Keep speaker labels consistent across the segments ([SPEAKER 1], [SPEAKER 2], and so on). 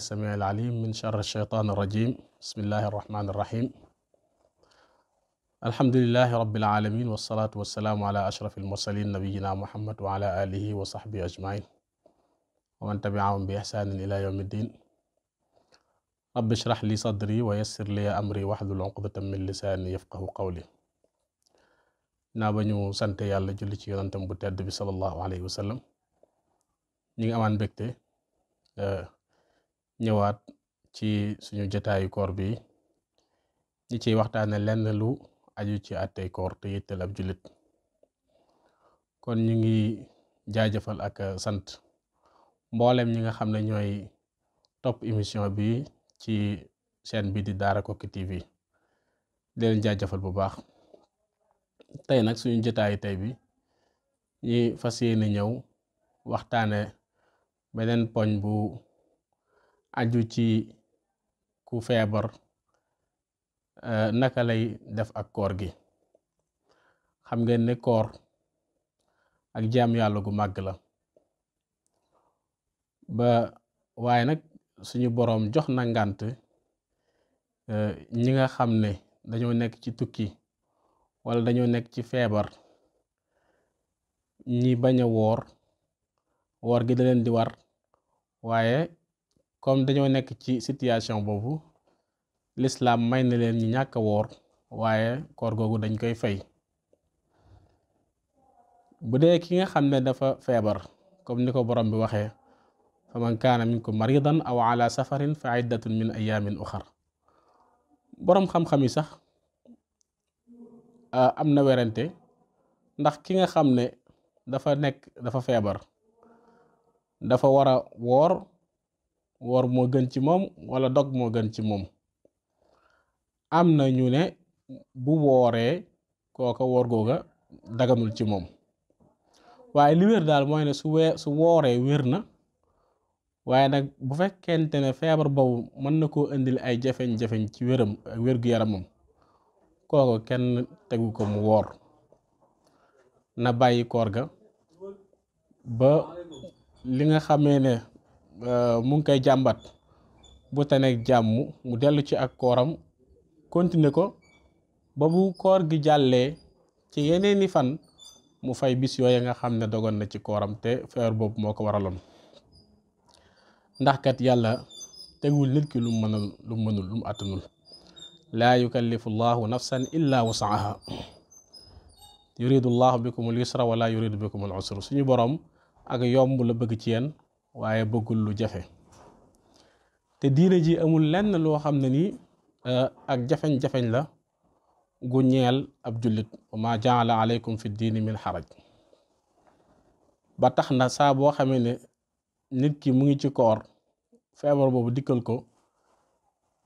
[SPEAKER 1] السميع العليم من شر الشيطان الرجيم بسم الله الرحمن الرحيم الحمد لله رب العالمين والصلاة والسلام على أشرف المرسلين نبينا محمد وعلى آله وصحبه أجمعين ومن تبعهم بإحسان إلى يوم الدين رب اشرح لي صدري ويسر لي أمري واحلل عقدة من لساني يفقه قولي naa ba ñu sant yàlla julli ci yonantam bu tedd bi sallallahu alayhi wa sallam ñu ngi amaan mbégte ñëwaat ci suñu jotaayu koor bi ñi ciy waxtaane lenn lu aju ci àttey koor te yittal ab jullit kon ñu ngi jaajëfal ak sant mboolem ñi nga xam ne ñooy topp émission bi ci chaîne bi di Daara Koki TV di leen jaajëfal bu baax tey nag suñu jotaayu tey bi ñi fas yéene ñëw waxtaane beneen poñ bu aju ci ku feebar eh, naka lay def ak koor gi xam ngeen ne koor ak jaam yàlla gu màgg la ba waaye nag suñu boroom jox na ngànt eh, ñi nga xam ne dañoo nekk ci tukki wala dañoo nekk ci feebar ñi bañ a woor woor gi daleen leen di war waaye comme dañoo nekk ci situation boobu lislaam may na leen ñi ñàkk woor waaye koor googu dañ koy fay bu dee ki nga xam ne dafa feebar comme ni ko boroom bi waxee fa man kaana minkum maridan aw ala safarin fa iddatun min ayamin uxar boroom xam-xam yi sax ah, am na werante ndax ki nga xam ne dafa nekk dafa feebar dafa war woor wor moo gën ci moom wala dog moo gën ci moom am na ñu ne bu wooree kooka wor googa daganul ci moom waaye li wér daal mooy ne su wooree wér na waaye nag bu fekkente ne feebar boobu mën na koo indil ay jafeñ-jafeñ ci wéram ak wér gu kenn tegu ko mu woor na bàyyi koor ga ba li nga xamee ne Euh, mu ngi koy jàmbat bu taneeg jàmm mu dellu ci ak kooram continuer ko ba bu koor gi jàllee ci yeneeni fan mu fay bis yooyu nga xam ne dogoon na ci kooram te feer boobu moo ko waraloon ndax kat yàlla tegul nit ki lu mu mënul lu mu mënul lu mu àttanul laa yukallifu llahu nafsan illaa wasaaha yuridu llahu bikum al yusra wala yuridu bikum al su suñu borom ak yomb la bëgg ci yéen waaye bëggul lu jafe te diine ji amul lenn loo xam ne ni eh, ak jafeñ-jafeñ la gu ñeel ab jullit wa ma jaala ba tax na saa boo xamee ne nit ki mu ngi ci koor feebar boobu dikkal ko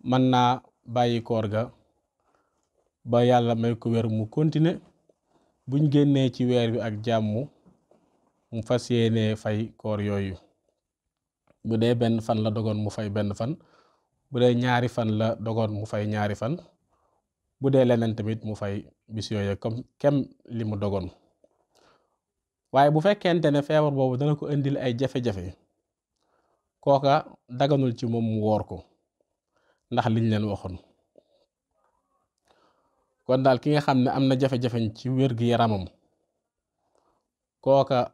[SPEAKER 1] mën naa bàyyi koor ga ba yàlla may ko wér mu continuer buñ génnee ci weer bi ak jàmmu mu fas yéenee fay koor yooyu bu dee benn fan la dogoon mu fay benn fan bu dee ñaari fan la dogoon mu fay ñaari fan bu dee leneen tamit mu fay bis yooyu comme kem li mu dogoon waaye bu fekkente ne feebar boobu dana ko indil ay jafe-jafe kooka daganul ci moom mu woor ko ndax liñ leen waxoon kon daal ki nga xam ne am na jafe-jafe ci wér-gi-yaramam kooka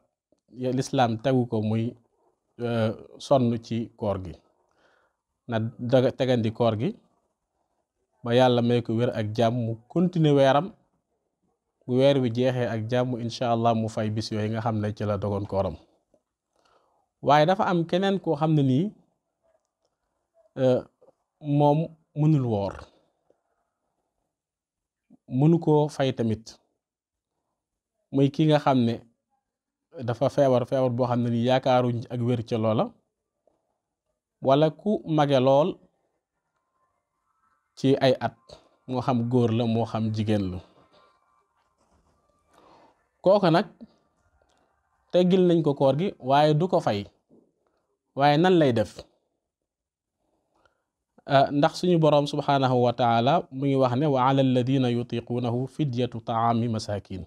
[SPEAKER 1] lislaam tegu ko muy Euh, sonn ci koor gi na daga tegandi koor gi ba yàlla may ko wér ak jàmm mu continuer weeram bu weer wi jeexee ak jàmm incha allah mu fay bis yooyu nga xam ne ci la dogoon waaye dafa am keneen koo xam ne nii euh, moom mënul woor mënu koo fay tamit muy ki nga xam ne dafa feebar feebar boo xam ne ni yaakaaruñ ak wér ca loola wala ku mage lool ci ay at moo xam góor la moo xam jigéen la kooka nag teggil nañ ko koor gi waaye du ko fay waaye nan lay def eh, ndax suñu boroom subhaanahu wa mu ngi wax ne wa ala alladina yutiquunahu fidyatu taami masakin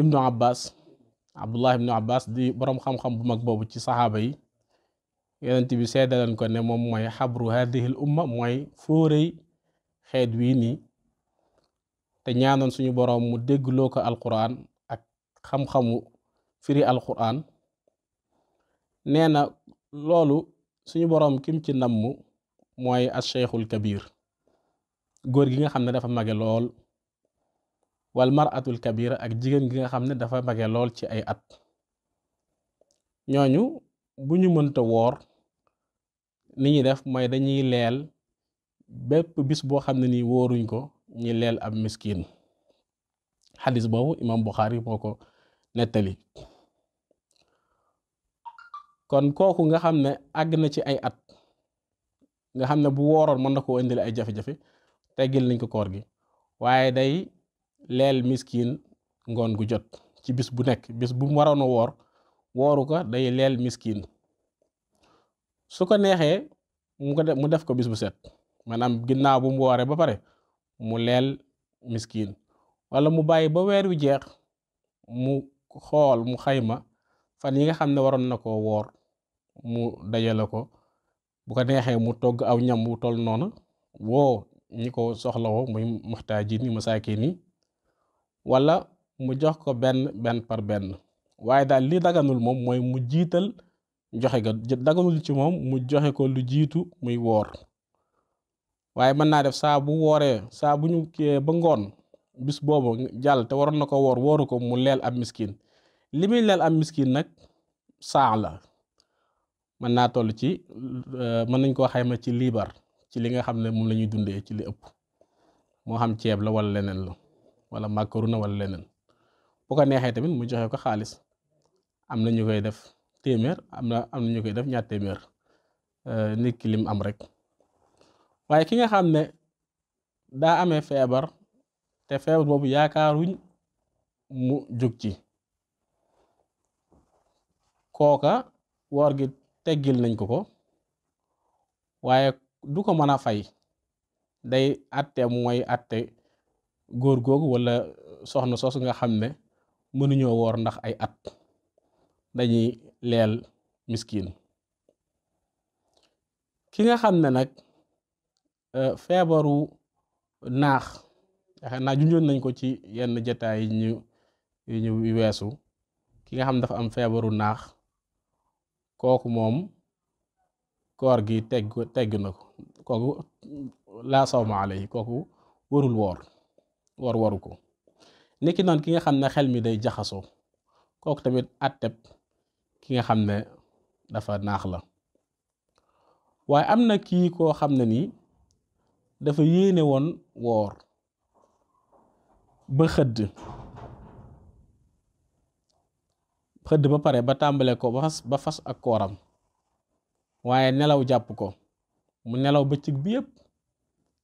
[SPEAKER 1] ibnu abbas abdullah ibnu abbas di boroom xam-xam bu mag boobu ci saxaaba yi yonent bi seedaleen ko ne moom mooy xabru hadihil umma mooy fóorey xeet wii nii te ñaanoon suñu boroom mu déggloo ko alquran ak xam-xamu firi alquran nee na loolu suñu boroom kim ci namm mooy as cheikhul kabir góor gi nga xam ne dafa mage lool wal maratul kabira ak jigéen gi nga xam ne dafa mage lool ci ay at ñooñu bu ñu mënta woor ni ñuy def mooy dañuy leel bépp bis boo xam ne nii wooruñ ko ñu leel ab miskin xadis boobu imam Buxaari moo ko nettali kon kooku nga xam ne àgg na ci ay at nga xam ne bu wooroon mën na koo indil ay jafe-jafe teggil nañ ko koor gi waaye day leel miskin ngoon gu jot ci bis bu nekk bis bu mu waroon a woor wooru ko day leel miskin su ko neexee mu ko def mu def ko bis bu set maanaam ginnaaw bu mu wooree ba pare mu leel miskin walla mu bàyyi ba weer wi jeex mu xool mu xayma fan yi nga xam ne waroon na koo woor mu dajale ko bu ko neexee mu togg aw ñam wu toll noonu woo ñi ko soxlawoo muy muxtaaj yi ma masaakin nii wala mu jox ko benn benn par benn waaye daal li daganul moom mooy mu jiital joxe ga daganul ci moom mu joxe ko lu jiitu muy woor waaye mën naa def saa bu wooree saa bu ñu kiyee ba ngoon bis boobu jàll te waroon na ko woor wooru ko mu leel ab miskin li muy leel am miskin nag saax la mën naa toll ci euh, mën nañ koo xayma ci liibar ci li nga xam ne moom lañuy dundee ci li ëpp moo xam ceeb la wala leneen la wala makaruna wala leneen bu ko neexee tamit mu joxe ko xaalis am na ñu koy def téeméer am na am na ñu koy def ñaar téeméer euh, nit ki lim am rek waaye ki nga xam ne daa amee feebar te feebar boobu yaakaaruñ mu jug ci kooka woor gi teggil nañ ko ko waaye du ko mën a fay day atte mooy atte góor googu wala uh, soxna soosu nga xam ne mënuñoo woor ndax ay at dañuy leel miskin ki nga xam ne nag uh, feebaru naax yaakaar naa junjoon nañ ko ci yenn jataay yi ñu weesu ki nga xam ne dafa am feebaru naax kooku moom koor gi tegg tegg na ko kooku laa sawma alayhi kooku warul woor war waru ko nekki naan ki nga xam ne xel mi day jaxasoo kooku tamit àtteb ki nga xam ne dafa naax la waaye am na kii koo xam ne nii dafa yéene woon woor ba xëdd xëdd ba pare ba tàmbale ko ba fas ba fas ak kooram waaye nelaw jàpp ko mu nelaw cig bi yépp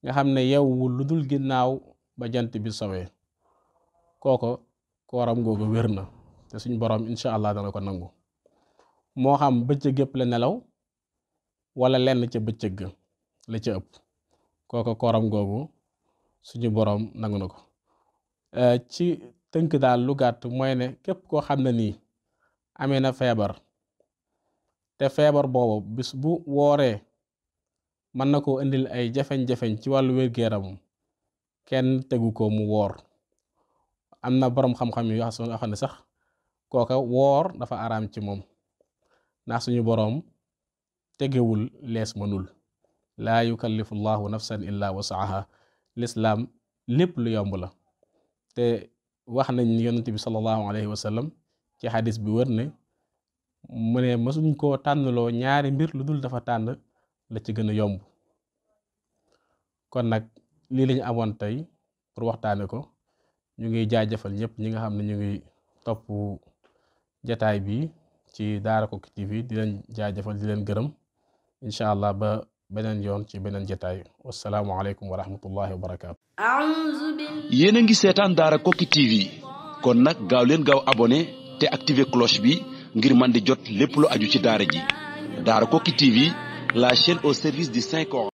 [SPEAKER 1] nga xam ne yeewul lu dul ginnaaw ba jant bi sowee kooko kooram googu wér na te suñ borom incha allah dana ko nangu moo xam bëccëg yëpp la nelaw wala lenn ca bëccëg la ca ëpp kooko kooram googu suñu boroom nangu na ko eh, ci tënk daal lu gàtt mooy ne képp koo xam ne nii amee na feebar te feebar boobu bis bu wooree mën na koo indil ay jafeñ-jafeñ ci wàllu wér gu kenn tegu ko mu woor am na boroom xam-xam yu wax yoo xam ne sax kooka woor dafa araam ci moom ndax suñu boroom tegewul lees mënul laa yukallifu llahu nafsan illa wasaaha lislaam lépp lu yomb la te wax nañ yonent bi sallallahu alayhi wa ci xadis bi wër ne mu ne mësuñ koo tànnloo ñaari mbir lu dul dafa tànn la ci gën a yomb kon nag lii lañu amoon tey pour waxtaane ko ñu ngi jaajëfal ñëpp ñi nga xam ne ñu ngi topp jataay bi ci Daara Koki TV di leen jëfal di leen gërëm incha allah ba beneen yoon ci beneen jataay wasalaamualeykum wa rahmatullahi wa barakaatu. yéen a ngi seetaan Daara Koki TV kon nag gaaw leen gaaw abonné te activer cloche bi ngir man di jot lépp lu aju ci daara ji Daara Koki TV la chaîne au service di Saint Coran